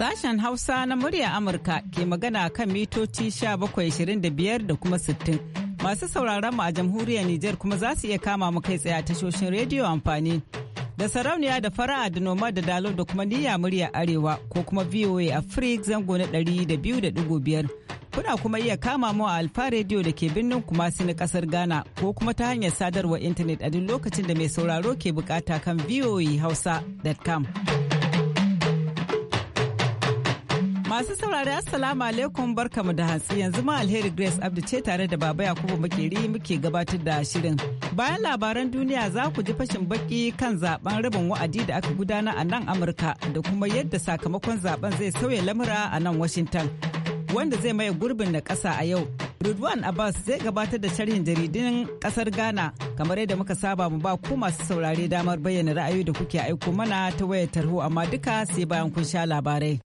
Sashen Hausa na murya Amurka ke magana kan mitoci 1725 da kuma 60. Masu sauraron mu a jamhuriyar Nijar kuma za su iya kama mu kai tsaye a tashoshin rediyo amfani. Da sarauniya da fara'a da noma da dalo da kuma niyya murya arewa ko kuma VOA Africa zango na ɗari da da biyu biyar Kuna kuma iya kama mu a Alfa rediyo da ke birnin Kumasi na kasar Ghana ko kuma ta hanyar sadarwa intanet a duk lokacin da mai sauraro ke bukata kan voahausa.com. Masu saurari Assalamu alaikum barkamu da hantsi yanzu ma alheri Grace Abdu ce tare da Baba Yakubu Makeri muke gabatar da shirin. Bayan labaran duniya za ku ji fashin baki kan zaben rabin wa'adi da aka gudana a nan Amurka da kuma yadda sakamakon zaben zai sauya lamura a nan Washington wanda zai maye gurbin na ƙasa a yau. Ridwan Abbas zai gabatar da sharhin jaridun kasar Ghana kamar yadda muka saba mu ba ku masu saurare damar bayyana ra'ayoyi da kuke aiko mana ta wayar tarho amma duka sai bayan kun sha labarai.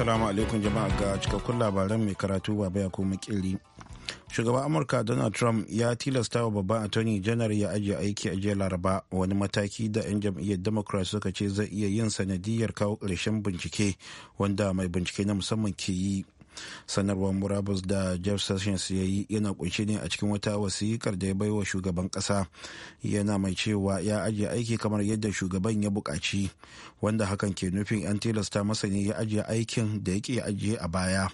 Assalamu alaikum jama'a ga cikakkun labaran mai karatu baba ya ko kiri. Shugaban Amurka Donald Trump ya tilasta wa babban attorney janar ya ajiye aiki a jiya Laraba wani mataki da 'yan jam'iyyar Democrat suka ce zai iya yin sanadiyar kawo ƙarshen bincike wanda mai bincike na musamman ke yi. sanarwar murabus da jeff sessions ya yi yana kunshi ne a cikin wata wasikar da ya bai wa shugaban kasa yana mai cewa ya ajiye aiki kamar yadda shugaban ya buƙaci wanda hakan ke nufin 'yan tilasta masani ya ajiye aikin da yake ajiye a baya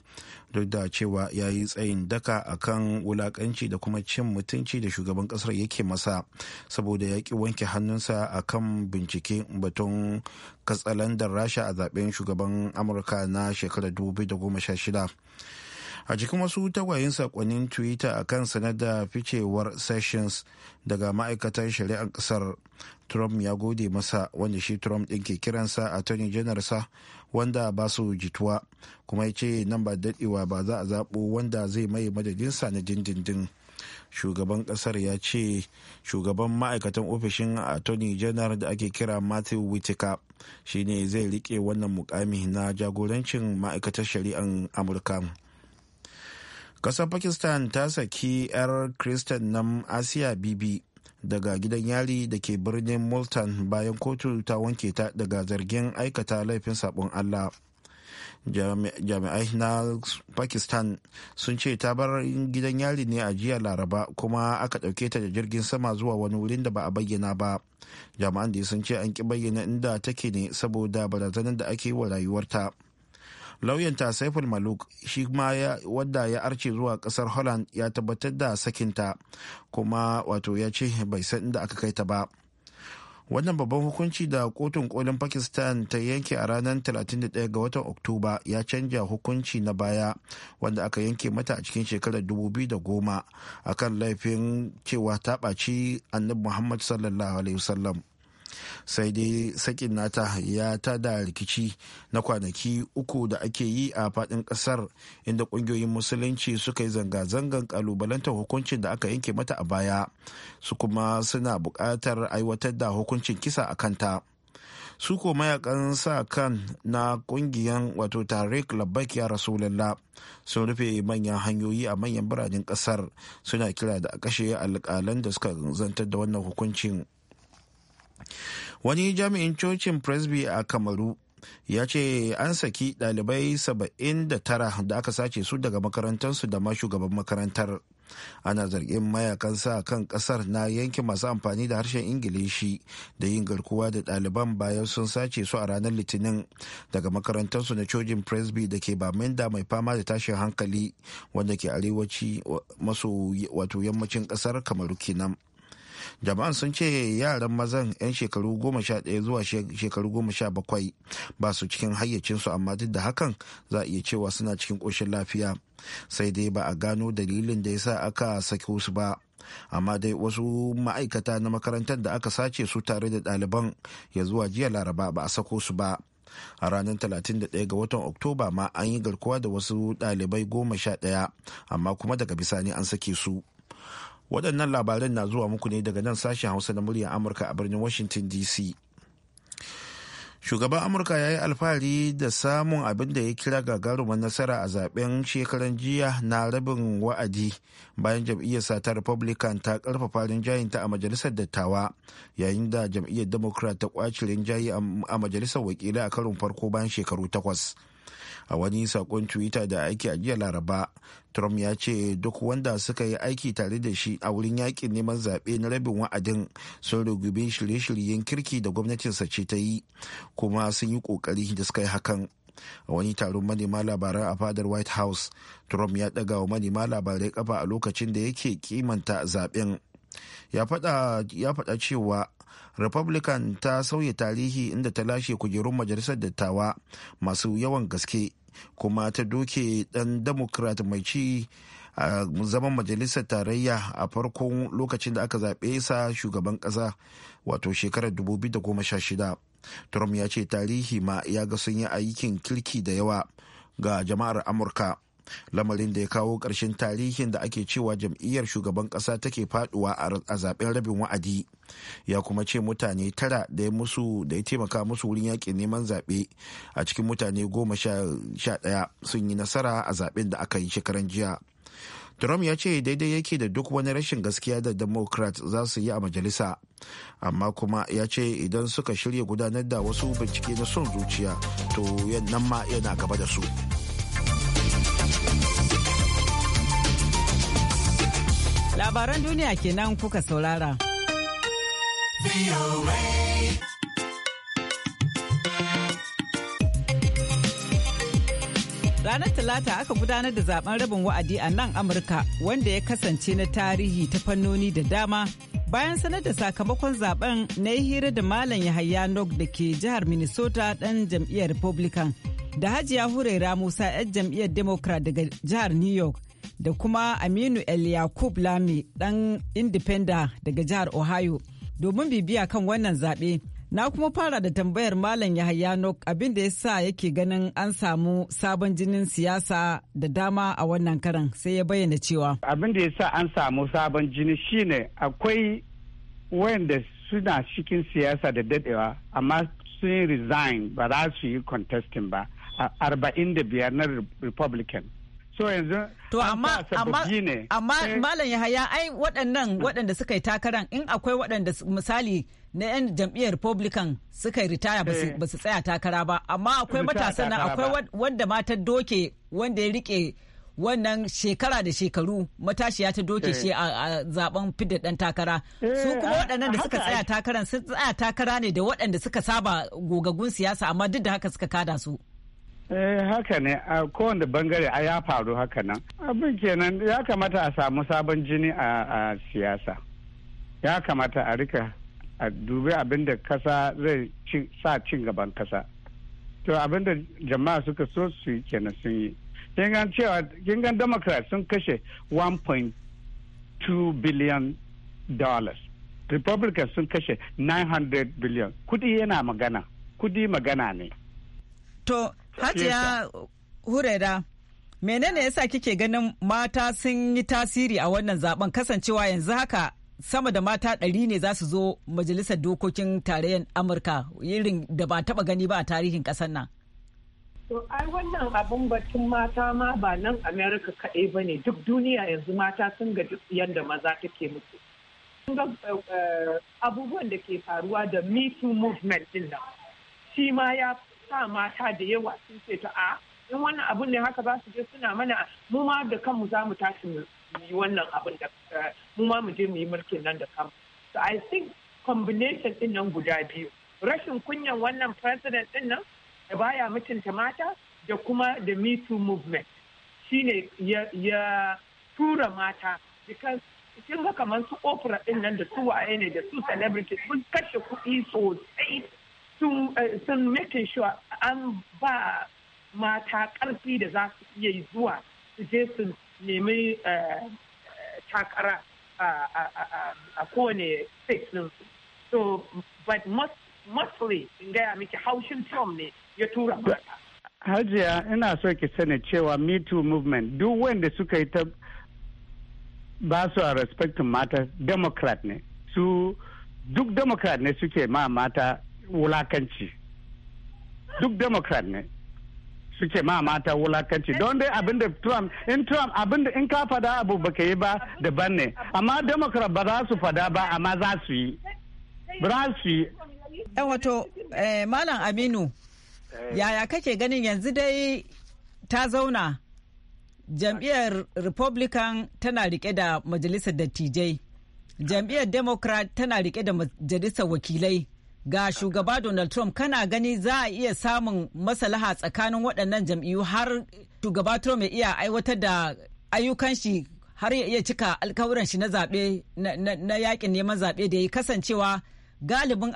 duk da cewa ya yi tsayin daka a kan wulakanci da kuma cin mutunci da shugaban kasar yake masa saboda ya ki wanke hannunsa a kan bincike batun katsalandar rasha a zaben shugaban amurka na shekarar 2016 a cikin wasu tagwayen sakonnin twitter a kan sanar da ficewar sessions daga ma'aikatan shari'ar kasar trump ya gode masa wanda shi trump ɗin ke kiransa attorney general sa wanda ba su jituwa kuma ya ce nan ba daɗewa ba za a zaɓo wanda zai mai madadinsa na dindindin shugaban kasar ya ce shugaban ma'aikatan ofishin attorney janar da ake kira matthew whitaker shine zai riƙe wannan mukami na jagorancin ma'aikatar shari'ar amurka kasar pakistan ta saki 'yar kristan nan asiya bibi daga gidan yari da ke birnin multan bayan kotu ta wanke ta daga zargin aikata laifin sabon allah jami'ai na pakistan sun ce ta bar gidan yari ne a jiya laraba kuma aka ɗauke ta da jirgin sama zuwa wani wurin da ba a bayyana ba jami'an da sun ce an ki bayyana inda take ne saboda barazanar da ake yi wa rayuwarta ta saiful maluk shi ma wadda ya arce zuwa kasar holland ya tabbatar da sakinta kuma wato ya ce bai san inda aka kai ta ba wannan babban hukunci da kotun kolin pakistan ta yanke a ranar 31 ga watan oktoba ya canja hukunci na baya wanda aka yanke mata a cikin shekarar 2010 akan laifin cewa ta ɓaci annabi muhammad sallallahu alaihi wasallam sai dai sakin nata ya tada rikici na kwanaki uku da ake yi a fadin kasar inda kungiyoyin musulunci suka yi zanga-zangan kalubalantar hukuncin da aka yanke mata a baya su kuma suna bukatar aiwatar da hukuncin kisa a kanta su ko mayakan sa kan na kungiyan wato tarik labbak ya lalla sun rufe manyan hanyoyi a manyan biranen kasar suna kira da a kashe alkalan da suka zantar da wannan hukuncin wani jami'in cocin presby a kamaru ya ce an saki dalibai 79 da aka sace su daga makarantarsu da ma shugaban makarantar ana zargin mayakan sa kan kasar na yankin masu amfani da harshen ingilishi da yin garkuwa da ɗaliban bayan sun sace su a ranar litinin daga makarantarsu na cojin presby da ke baminda mai fama da tashin hankali wanda ke arewaci maso wato yammacin kasar kamaru kenan. jama'an sun ce yaran mazan 'yan shekaru goma sha ɗaya zuwa shekaru goma sha bakwai ba su cikin hayyacinsu amma duk da hakan za a iya cewa suna cikin ƙoshin lafiya sai dai ba a gano dalilin da ya sa aka sake su ba amma dai wasu ma'aikata na makarantar da aka sace su tare da ɗaliban ya zuwa jiya laraba ba a sako su ba a ranar 31 ga watan oktoba ma an yi garkuwa da wasu ɗalibai goma sha ɗaya amma kuma daga bisani an sake su waɗannan labaran na zuwa muku ne daga nan sashen hausa na muryar amurka a birnin washington dc shugaban amurka ya yi alfahari da samun abin da ya kira gagarumar nasara a zaben shekaran jiya na rabin wa'adi bayan jam'iyyarsa sata republican ta karfafa rinjayinta a majalisar dattawa yayin da jam'iyyar democrat ta kwaci rinjaye a majalisar wakilai a karon farko bayan shekaru takwas. a wani sakon twitter da aiki a jiya laraba trump ya ce duk wanda suka yi aiki tare da shi a wurin yakin neman zaɓe na rabin wa'adin sun rugubi shirye-shiryen kirki da sa ce ta yi kuma sun yi ƙoƙari da suka yi hakan a wani taron manema labarai a fadar white house trump ya ɗaga wa manema labarai kafa a lokacin da yake kimanta zaɓen ya faɗa cewa republican ta sauya tarihi inda ta lashe kujerun majalisar dattawa masu yawan gaske kuma ta doke dan democrat mai ci a zaman majalisar tarayya a farkon lokacin da aka zaɓe sa shugaban ƙasa wato shekarar 2016 trump ya ce tarihi ma ya ga sun yi aikin kirki da yawa ga jama'ar amurka lamarin da ya kawo ƙarshen tarihin da ake cewa jam'iyyar shugaban ƙasa take faduwa a zaben rabin wa'adi ya kuma ce mutane tara da ya musu da ya taimaka musu wurin yakin neman zaɓe a cikin mutane goma sha ɗaya sun yi nasara a zaɓen da aka yi shekaran jiya Trump ya ce daidai yake da duk wani rashin gaskiya da Democrat za su yi a majalisa, amma kuma ya ce idan suka shirya gudanar da wasu bincike na son zuciya to nan ma yana gaba da su. Labaran duniya kenan kuka saurara. Ranar Talata aka gudanar da zaben rabin wa'adi a nan Amurka wanda ya kasance na tarihi ta fannoni da dama. Bayan sanar da sakamakon zaben na yi hira da Malam Yahaya Nog da ke jihar Minnesota ɗan jam'iyyar Republican da Hajiya Huraira Musa 'yan jam'iyyar Democrat daga jihar New York da kuma Aminu El Yakub Lami ɗan Independent daga jihar Ohio. domin bibiya kan wannan zaɓe. Na kuma fara da tambayar Malam Yahaya Nok abin da ya sa yake ganin an samu sabon jinin siyasa da dama a wannan karan sai ya bayyana cewa. Abin da ya sa an samu sabon jini shine akwai wanda suna cikin siyasa da dadewa amma sun resign ba za su yi contesting ba. arba'in da biyar na republican so yanzu to amma amma amma eh. malam yahaya ai waɗannan waɗanda suka yi takaran in akwai waɗanda misali na 'yan jam'iyyar republican suka yi ritaya ba su eh. tsaya takara ba amma akwai matasa nan akwai wanda ma doke wanda ya rike wannan shekara da shekaru matashiya ta doke eh. shi a zaben fidda dan takara su kuma waɗannan da suka tsaya takaran sun tsaya takara ne da waɗanda suka saba gogagun siyasa amma duk da haka suka kada su eh haka ne a kowane bangare a ya faru haka nan abin kenan ya kamata a samu sabon jini a siyasa ya kamata a rika a dubi abin da kasa zai sa cin gaban kasa to abin da jama'a suka so su yi kenan sun yi kingan cewa kingan democrat sun kashe 1.2 billion dollars republicans sun kashe 900 billion kudi yana magana kudi magana ne to Hajiya Hurera, menene yasa kike ganin mata sun yi tasiri a wannan zaben kasancewa yanzu haka sama da mata ɗari ne za su zo majalisar dokokin tarayyar Amurka irin da ba taɓa gani ba a tarihin ƙasar nan. To ai wannan abin batun mata ma ba nan Amerika kaɗai ba ne duk duniya yanzu mata sun ga yadda maza take musu. Sun ga eh, eh, abubuwan da ke faruwa da Me Too movement din nan. Shi ma ya sa mata da yawa sun ce ta a in wannan abun ne haka za su je suna mana mu ma da kanmu za mu tashi mu yi wannan abun da eh, mu ma mu je mu yi mulkin nan da kanmu so i think combination din nan guda biyu rashin kunyan wannan president din nan da baya mutunta mata da kuma the me too movement shine ya tura mata because kin ga kamar su opera din nan da su waye ne da su celebrity mun kashe kuɗi sosai Eh, sun make sure an ba mata ƙarfi da za su iya zuwa su je su nemi eh, takara a kowane state ɗinsu. So, but mostly in gaya miki haushin Trump ne ya tura mata. Hajiya ina so ki sani cewa Me Too movement duk wanda suka yi ta ba su a respectin mata Democrat ne. Su duk Democrat ne suke ma mata wulakanci duk democrat ne suke ma mata wulakanci don dai abin da trump in trump abin da in ka fada abu baka yi ba daban ne amma democrat ba za su fada ba amma za su yi ba su yi eh, wato eh, malam aminu eh. yaya kake ganin yanzu dai ta zauna jam'iyyar republican tana rike da majalisar dattijai jam'iyyar democrat tana rike da majalisar wakilai ga shugaba Donald Trump kana gani za a iya samun masalaha tsakanin waɗannan jam'iyyu har shugaba Trump ya iya aiwatar da ayyukan shi har ya iya cika alkawuran shi na zaɓe na yakin neman zaɓe da ya kasancewa galibin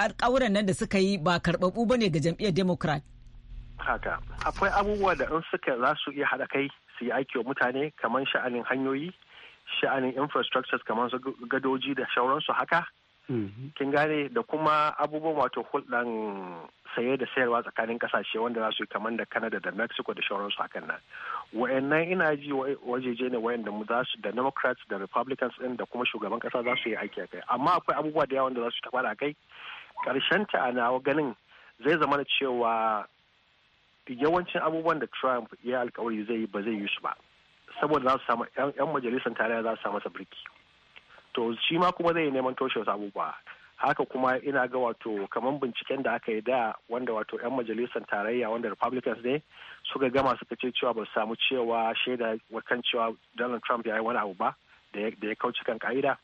alkawuran nan da suka yi ba karɓaɓɓu ba ne ga jam'iyyar Democrat. Haka, akwai abubuwa da in suka za su iya haɗa kai su yi aiki wa mutane kamar sha'anin hanyoyi, sha'anin infrastructures kamar su gadoji da shauransu haka. Mm-hmm. kin gane da kuma abubuwan wato hulɗan saye da sayarwa tsakanin kasashe wanda za su yi kamar da kanada da Mexico da shauransu hakan nan. Wayannan ina ji wajeje ne da mu za su da Democrats da Republicans din da kuma shugaban kasa za su yi aiki a kai. Amma akwai abubuwa da yawa wanda za su taba da kai. karshen ta nawa ganin zai zama da cewa yawancin abubuwan da Trump ya alkawari zai yi ba zai yi su ba. Saboda za su samu 'yan majalisar tarayya za su samu birki. to shi ma kuma zai neman toshe wasu abubuwa haka kuma ina ga wato kamar binciken da aka yi da wanda wato 'yan majalisar tarayya wanda republicans ne suka gama suka ce cewa ba samu cewa shaida kan cewa donald trump ya yi wani abu ba da ya kauce kan ka'ida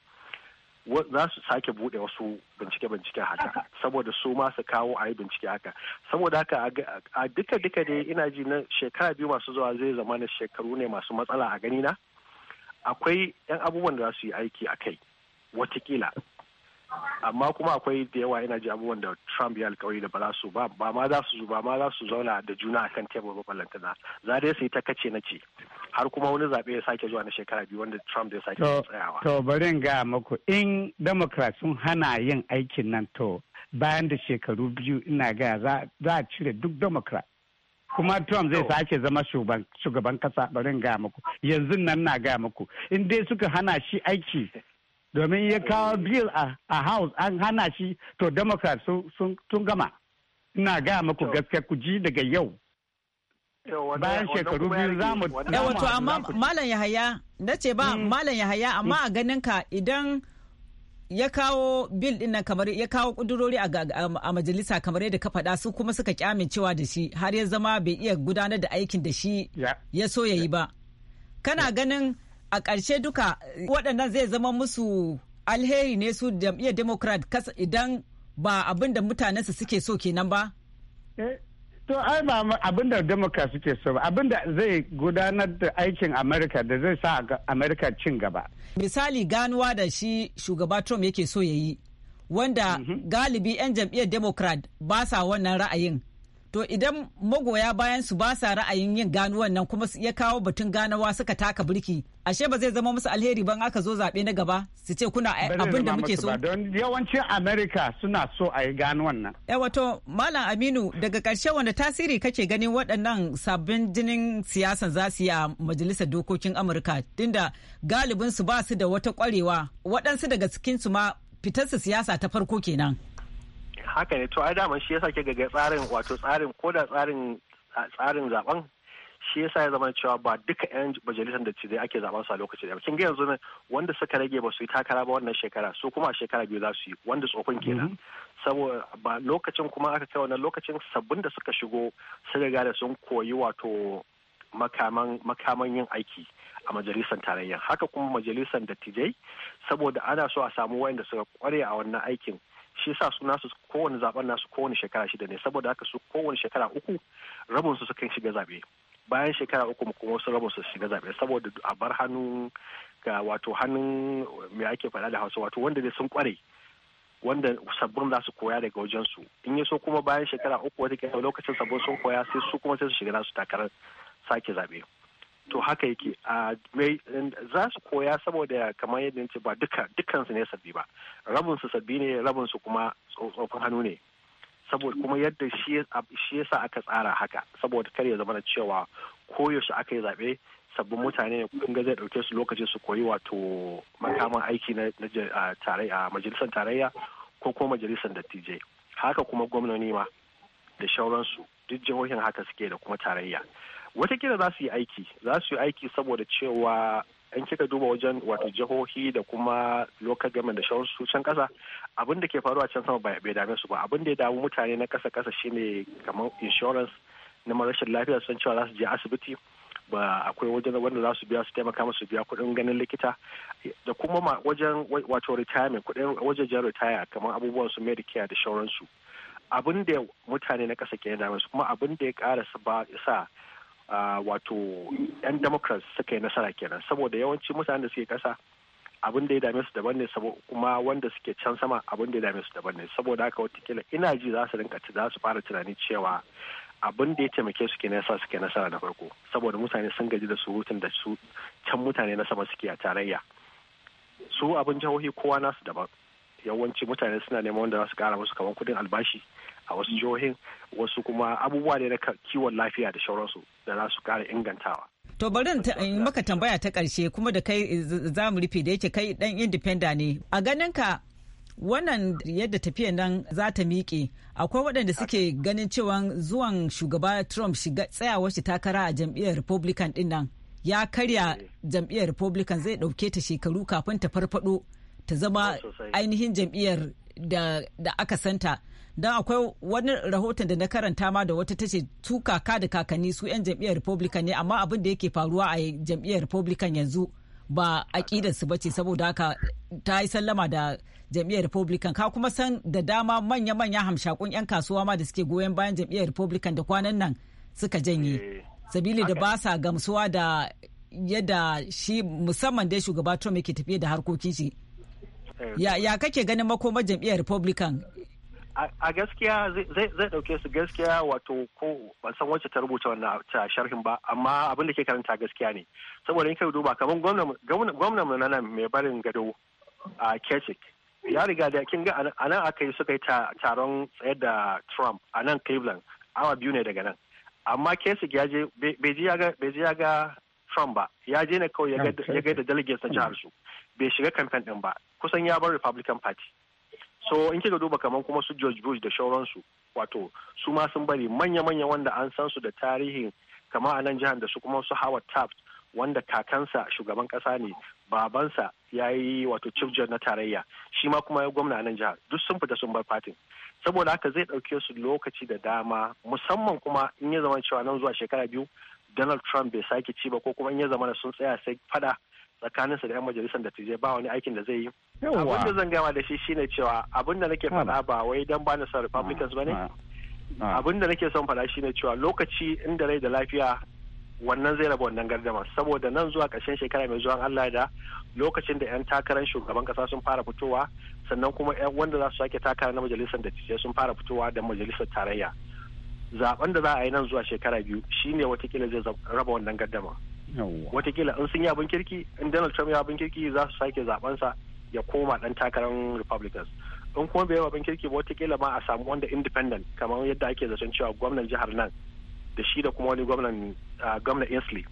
za su sake bude wasu bincike bincike haka saboda su ma su kawo a yi bincike haka saboda haka a duka-duka dai ina ji na shekara biyu masu zuwa zai zama na shekaru ne masu matsala a gani na akwai 'yan abubuwan da za su yi aiki a kai watakila amma kuma akwai da yawa yana ji abubuwan da Trump ya alkawari da ba za su ba ba ma za su zo ba ma za su zauna da juna a kan tebur maballantana za dai su yi ta kace na ce har kuma wani zaɓe ya sake zuwa na shekara biyu wanda Trump ya sake tsayawa. To bari in ga muku in democrats sun hana yin aikin nan to bayan da shekaru biyu ina gaya za a cire duk Democrat kuma Trump zai sake zama shugaban kasa barin gaya muku yanzu nan na gaya muku in dai suka hana shi aiki domin ya kawo bill a house an hana shi to democrat sun gama ina gaya muku gaske ku ji daga yau bayan shekaru biyu za mu eh, wato amma malam yahaya na ce ba mm. malam yahaya amma a ganin ka idan ya kawo bil din nan kamar ya kawo kudurori a majalisa kamar yadda ka faɗa su kuma suka kyamin cewa da shi har ya zama bai iya gudanar da aikin da shi ya so ya yi ba kana ganin a ƙarshe duka waɗannan zai zama musu alheri ne su jam'iyyar democrat idan ba abin da mutanensu suke so kenan ba eh, to ai ba abin da democrat suke so abin da zai gudanar da aikin america da zai sa america cin gaba misali ganuwa da shi shugaba trump yake so ya yi wanda mhm. galibi 'yan jam'iyyar democrat ba sa wannan ra'ayin to idan magoya bayan su ba sa ra'ayin yin ganuwan nan kuma ya kawo batun ganawa suka taka birki ashe ba zai zama musu alheri ban aka zo zaɓe na gaba su ce kuna eh, abin da muke so don yawancin america suna so a yi ganuwan nan eh, wato malam aminu daga karshe wanda tasiri kake ganin waɗannan sabbin jinin siyasan za su yi a majalisar dokokin amurka tunda galibin su ba su da wata kwarewa waɗansu daga cikin su ma fitarsa siyasa ta farko kenan haka ne to ai dama shi yasa ke ga tsarin wato tsarin ko da tsarin tsarin zaben shi yasa ya zama cewa ba duka yan majalisar da dai ake zaben su a lokaci da kin ga yanzu ne wanda suka rage ba su yi takara ba wannan shekara su kuma a shekara biyu za su yi wanda tsohon kenan mm-hmm. saboda ba lokacin kuma aka kai wannan lokacin sabbin da suka shigo suka riga da sun koyi wato makaman yin aiki a majalisar tarayya haka kuma majalisar dattijai saboda ana so a samu wayanda suka kware a wannan aikin shi sa su nasu kowane zaben nasu kowane shekara shida ne saboda haka su kowane shekara uku rabin su sukan shiga zabe bayan shekara uku kuma wasu rabin su shiga zabe saboda a bar hannun ga wato hannun me ake faɗa da hausa wato wanda dai sun kware wanda sabbin za su koya daga wajen su in ya so kuma bayan shekara uku wata lokacin sabbin sun koya sai su kuma sai su shiga nasu takarar sake zabe. to haka yake a za su koya saboda kamar yadda ce ba duka dukansu ne sabbi ba rabin su sabbi ne rabin su kuma tsofaffin hannu ne saboda kuma yadda shi yasa aka tsara haka saboda kar ya zama cewa koyaushe aka yi zaɓe sabbin mutane ne kun ga zai ɗauke su lokaci su koyi wato makaman aiki na majalisar tarayya ko kuma majalisar dattijai haka kuma gwamnoni ma da shauransu duk jihohin haka suke da kuma tarayya watakila za su yi aiki za su yi aiki saboda cewa in kika duba wajen wato jihohi da kuma local government da shawar su can kasa abin da ke faruwa can sama bai dame su ba abin da ya damu mutane na kasa kasa shine kamar insurance na rashin lafiya sun cewa za su je asibiti ba akwai wajen wanda za su biya su taimaka musu biya kuɗin ganin likita da kuma wajen wato retirement wajen jan retire kamar abubuwan su medicare da shauransu abin da mutane na ƙasa ke dame su kuma abin da ya ƙara sa wato 'yan democrats suka yi nasara kenan saboda yawanci mutanen da suke kasa abin da ya dame su daban ne kuma wanda suke can sama abin da ya dame su daban ne saboda haka watakila ina ji za su rinka za su fara tunani cewa abin da ya taimake su kenan yasa suke nasara na farko saboda mutane sun gaji da surutun da su can mutane na sama suke a tarayya su abin jihohi kowa nasu daban yawanci mutane suna neman wanda za su kara musu kamar kudin albashi a wasu jihohin wasu kuma abubuwa ne na kiwon lafiya da shauransu da za su kara ingantawa. To bari in maka tambaya ta karshe kuma da kai eh, za mu rufe da yake kai ɗan independa ne. A ganin ka wannan yadda tafiya nan za ta miƙe akwai waɗanda suke ganin cewa zuwan shugaba Trump shiga tsayawar shi takara a jam'iyyar Republican ɗin nan ya karya jam'iyyar Republican zai ɗauke ta shekaru kafin ta farfado ta zama ainihin jam'iyyar da aka santa. don akwai wani rahoton da na karanta ma da wata tace su kaka da kakanni su 'yan jam'iyyar republican ne amma abin da yake faruwa a jam'iyyar republican yanzu ba aƙidar su bace saboda haka ta yi sallama da jam'iyyar republican ka kuma san da dama manya-manya hamshakun 'yan kasuwa ma da suke goyon bayan jam'iyyar republican da kwanan nan suka janye eh, sabili da ba sa gamsuwa da yadda shi musamman dai shugaba trump yake tafiye da harkokin shi eh, ya kake ganin makomar jam'iyyar republican a gaskiya zai dauke su gaskiya wato ko ban san wacce ta rubuta wannan ta sharhin ba amma abin da ke karanta gaskiya ne saboda in kai duba kamar gwamnan na nan mai barin gado a Kesik ya riga da kin ga anan aka yi suka yi taron tsayar da Trump a nan Cleveland awa biyu ne daga nan amma Kesik ya je bai ji ya ga Trump ba ya je ne kawai ya ga da delegates na jihar su bai shiga kamfen din ba kusan ya bar Republican Party so in kika duba kamar kuma su george bush da shauransu wato su ma sun bari manya-manya wanda an san su da tarihin kama a nan jihar da su kuma su howard taft wanda kakansa shugaban kasa ne babansa ya yi wato chief judge na tarayya shi ma kuma ya gwamna a nan jihar duk sun fita sun bar fatin saboda haka zai ɗauke su lokaci da dama musamman kuma in ya zama cewa nan zuwa shekara biyu donald trump bai sake ci ba ko kuma in ya zama sun tsaya sai fada tsakanin su da 'yan majalisar da ba wani aikin da zai yi. Abin da zan gama da shi shine cewa abin da nake faɗa ba wai dan bani na son Republicans ba ne. Ah, ah, ah. Abin da nake son faɗa shine cewa lokaci inda rai da lafiya wannan zai raba wannan gardama saboda nan zuwa ƙarshen shekara mai zuwan Allah da lokacin da 'yan takarar shugaban kasa sun fara fitowa sannan kuma 'yan wanda za su sake takara na majalisar da sun fara fitowa da majalisar tarayya. Zaben da za a yi nan zuwa shekara biyu shine watakila zai raba wannan gardama. watakila in sun yi abin kirki in donald trump ya abin kirki za su sake sa ya koma dan takarar republicans in kuma bai yi abin kirki ba watakila ma a samu wanda independent kamar yadda ake zaton cewa gwamnan jihar nan da shi da kuma wani gwamnan gwamnan inslee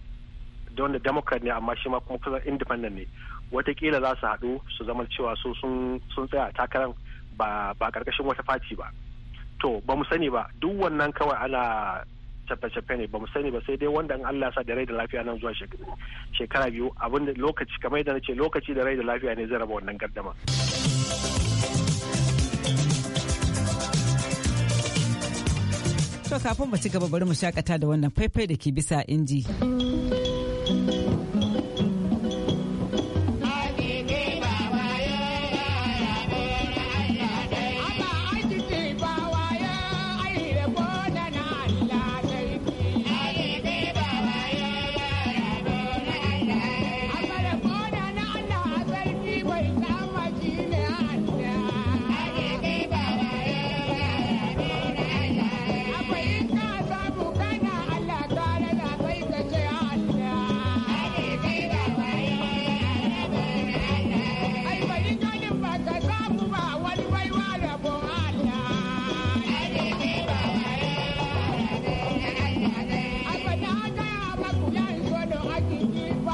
da wanda democrat ne amma shi ma kuma kusan independent ne watakila za su haɗu su zama cewa su sun tsaya a takarar ba karkashin wata fati ba to ba mu sani ba duk wannan kawai ana cafe-cafe ne ba mu sani ba sai dai wanda in Allah sa da rai da lafiya nan zuwa shekara biyu abin da lokaci kamar yadda nace lokaci da rai da lafiya ne zai raba wannan gardama. To kafin mu ci gaba bari mu shakata da wannan faifai da ke bisa inji.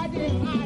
I did. I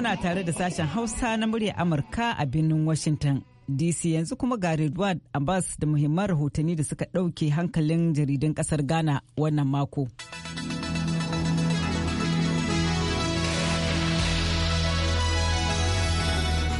kuna tare da sashen Hausa na murya Amurka a birnin Washington. DC yanzu kuma ga Redwan Abbas da muhimman rahotanni da suka ɗauke hankalin jaridun ƙasar Ghana wannan mako.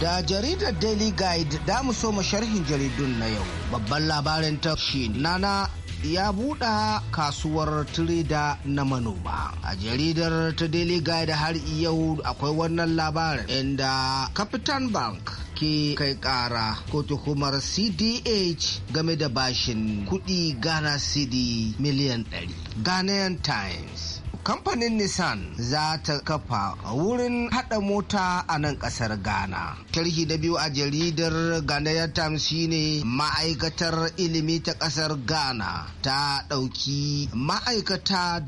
Da jaridar Daily Guide da mu so sharhin jaridun na yau. Babban labarin ta shi nana ya buɗa kasuwar tireda na manoma. A jaridar ta Daily Guide har yau akwai wannan labarin inda Capital Bank ke kai ƙara ko tuhumar CDH game da bashin kuɗi Ghana cd miliyan 100. Ghanaian Times. kamfanin nissan za ta kafa wurin hada mota a nan kasar ghana sharhi na biyu a jaridar ghanaian times shine ma'aikatar ilimi ta kasar ghana ta dauki ma'aikata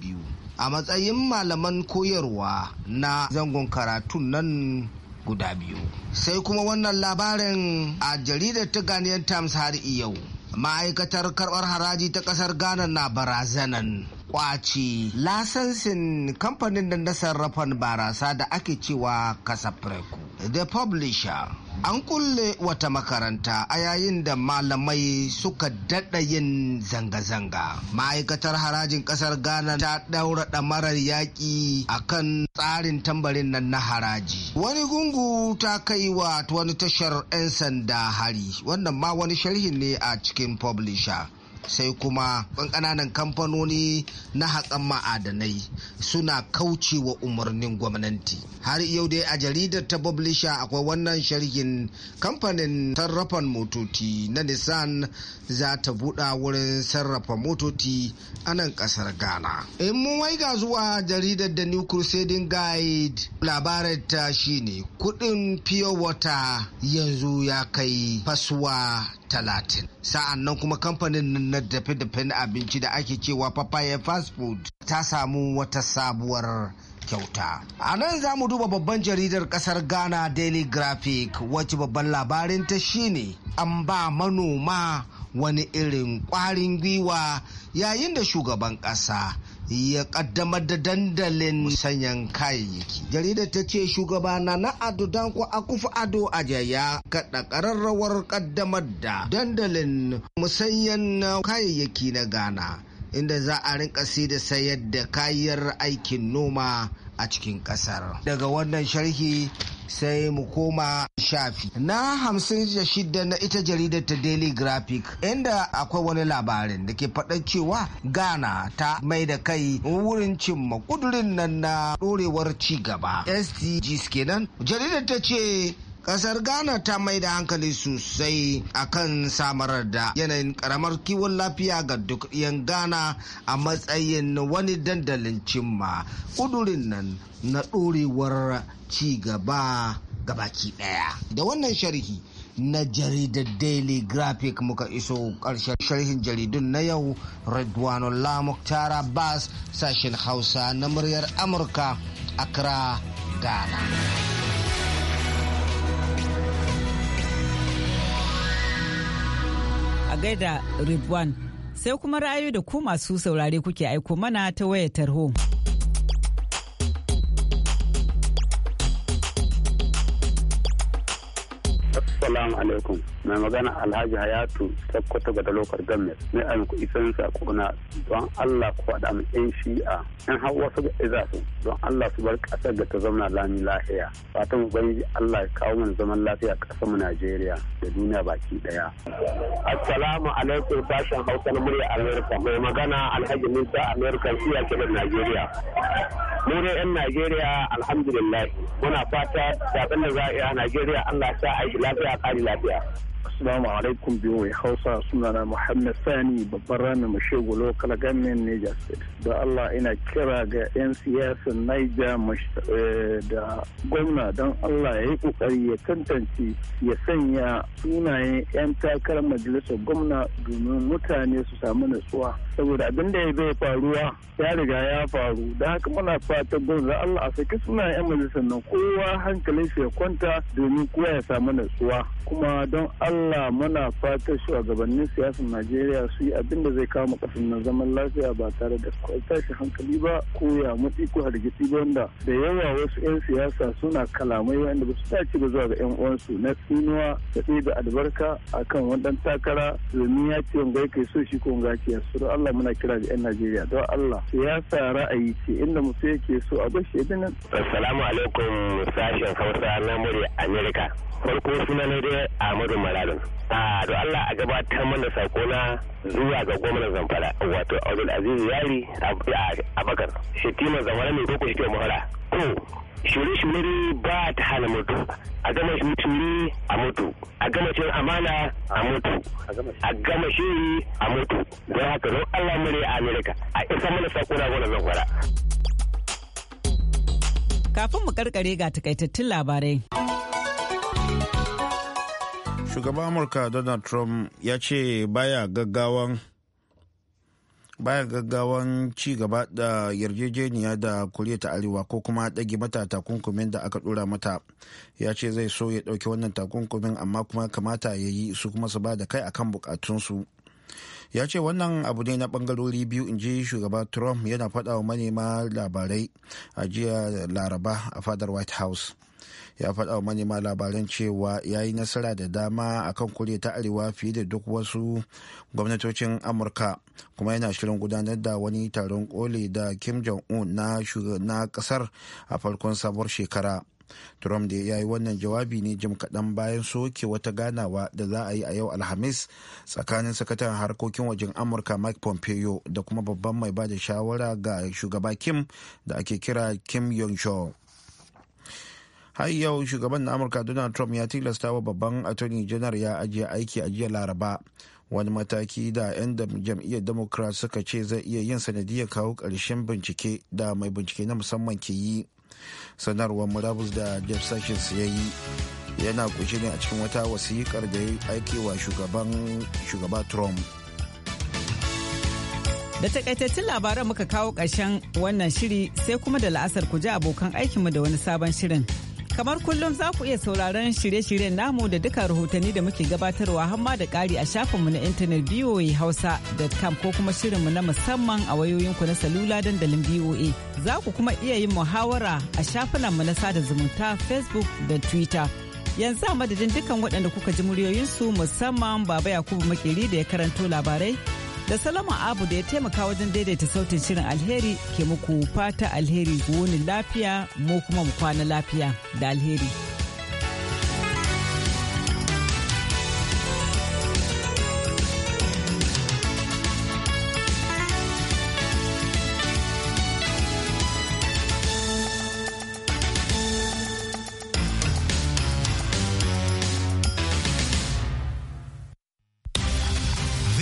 biyu, a matsayin malaman koyarwa na zangon karatun nan guda biyu sai kuma wannan labarin a jaridar ta ghanaian times har yau ma'aikatar karbar haraji ta kasar ghana na barazanan kwaci lasansin kamfanin da na sarrafan barasa da ake cewa kasafreku the publisher an kulle wata makaranta a yayin da malamai suka daɗa yin zanga-zanga ma'aikatar harajin ƙasar ghana ta ɗaura ɗamarar yaƙi a kan tsarin tambarin nan na haraji wani gungu ta kai wa wani tashar 'yan sanda hari wannan ma wani sharhi ne a cikin publisher sai kuma ƙananan kamfanoni na haƙan ma'adanai suna kaucewa umarnin gwamnati har yau dai a jaridar ta publisha akwai wannan sharhin kamfanin sarrafan motoci na nissan za ta buɗa wurin sarrafa motoci a nan ƙasar ghana in mun waiga zuwa jaridar da new crusading guide labarin ta shine kuɗin pure water yanzu ya kai fasuwa talatin sa'an nan kuma kamfanin na dafe-dafen abinci da ake cewa papaya fast food ta samu wata sabuwar kyauta. A nan za mu duba babban jaridar kasar Ghana Daily Graphic wacce babban labarin ta shine an ba manoma wani irin kwarin gwiwa yayin da shugaban kasa. ya kaddamar da dandalin sanyan kayayyaki. Jaridar ta ce shugaba na Ado Danko Akufu Ado Ajaya kaɗa ƙararrawar kaddamar da dandalin musanyan kayayyaki na Ghana inda za a rinka sai da sayar da kayan aikin noma a cikin ƙasar. Daga wannan sharhi sai mu koma shafi na hamsin da shida na ita jaridar ta daily graphic inda akwai wani labarin da ke faɗa cewa ghana ta mai da kai wurin cimma kudurin nan na ɗorewar ci gaba sdgs kenan jaridar ta ce kasar ghana ta mai da hankali sosai akan samar da yanayin karamar kiwon lafiya ga duk yan ghana a matsayin wani dandalin cimma kudurin nan na ɗorewar ci gaba gabaki ɗaya da wannan sharhi na jaridar daily graphic muka iso ƙarshen sharhin jaridun na yau lamuk tara bas sashen hausa na muryar amurka accra ghana gaida Ridwan. Sai kuma ra'ayoyi da ku masu saurare kuke aiko mana ta wayar tarho. Assalamu alaikum. Mai magana Alhaji Hayatu Sokoto ga dalokar Gamet. Mai an ku isan na don Allah ku faɗa mu ƴan shi'a. Yan hawa su ga iza don Allah su bar ƙasar da ta zauna lami lahiya. Fatan Ubangiji Allah ya kawo mana zaman lafiya ƙasar mu Najeriya da duniya baki ɗaya. Assalamu alaikum sashen Hausa na murya Amerika. Mai magana Alhaji Musa Amerika siya kiran Najeriya. Mu ne 'yan Najeriya alhamdulillah muna fata zaɓen da za a yi a Najeriya Allah sa a yi lafiya kari lafiya Assalamu alaikum biyu Hausa sunana Muhammad Sani babban rami mashego local government Niger State. Da Allah ina kira ga 'yan siyasar Niger eh, da gwamna don Allah ya yi kokari ya tantance ya sanya sunayen 'yan takarar majalisar gwamna domin mutane su samu natsuwa. Saboda abin da ya bai faruwa ya riga ya faru. Da haka muna fatan gwamna Allah a saki sunayen 'yan majalisar nan kowa hankalin ya kwanta domin kowa ya samu natsuwa. Kuma don Allah Allah muna fatan shugabannin siyasar Najeriya su yi abin da zai kama kasan na zaman lafiya ba tare da tashi hankali ba ko ya mutsi ko hargitsi ba wanda da yawa wasu 'yan siyasa suna kalamai wanda ba su dace ba zuwa ga 'yan uwansu na tsinuwa da da albarka akan wadan takara domin ya ce wanda kai so shi ko wanga ke su Allah muna kira ga 'yan Najeriya don Allah siyasa ra'ayi ce inda mutum yake so a bashi ya nan. Assalamu alaikum sashen Hausa na murya Amerika. Farko suna na dai Ahmadu Maradon. a da Allah a gabatar mana sakona zuwa ga gwamnan zamfara wato abdul aziz yari a bakar shetima zamfara mai koko shetima mahara ko shure shure dai ba ta hana mutu a gama shi shure a mutu a gama shi amana a mutu a gama shi a mutu don haka don Allah mure a Amerika a isa mana sakona gwamnan zamfara. Kafin mu karkare ga takaitattun labarai. shugaban amurka donald trump ya ce baya gaggawan baya gaggawan ci gaba da yarjejeniya da koriya ta arewa ko kuma dage mata takunkumin da aka ɗora mata ya ce zai so ya ɗauki wannan takunkumin amma kuma kamata ya yi su kuma su ba da kai akan bukatunsu ya ce wannan abu ne na bangarori biyu in ji shugaba trump yana faɗa wa manema labarai a jiya laraba a fadar white house ya faɗa wa manema labaran cewa ya yi nasara da dama a kan kure ta arewa fiye da duk wasu gwamnatocin amurka kuma yana shirin gudanar da wani taron koli da kim jong-un na kasar a farkon sabuwar shekara trump da ya yi wannan jawabi ne jim kaɗan bayan soke wata ganawa da za a yi a yau alhamis tsakanin sakataren harkokin wajen amurka mike pompeo da kuma babban mai ba da shawara ga shugaba kim da ake kira kim yong-chol har yau shugaban na amurka donald trump ya tilasta wa babban attorney janar ya ajiye aiki a jiya laraba wani mataki da 'yan jam'iyyar democrat suka ce zai iya yin sanadiyar kawo karshen bincike da mai bincike na musamman ke yi sanarwar murabus da jeff sessions ya yi yana kushe ne a cikin wata wasiƙar da ya aike wa shugaba trump da takaitattun labaran muka kawo ƙarshen wannan shiri sai kuma da la'asar ku ji abokan aikinmu da wani sabon shirin Kamar kullum za ku iya sauraron shirye-shiryen namu da duka rahotanni da muke gabatarwa hamma da ƙari a shafinmu na intanet hausa.com ko kuma shirinmu na musamman a wayoyinku na salula dandalin VOA. Za ku kuma iya yin muhawara a shafinanmu na sada zumunta Facebook da Twitter. Yanzu a madadin dukkan waɗanda kuka ji muryoyinsu musamman Baba Yakubu Makeri da ya karanto labarai. da salama abu da ya taimaka wajen daidaita sautin shirin alheri ke muku fata alheri wuni lafiya mu kuma mu kwana lafiya da alheri.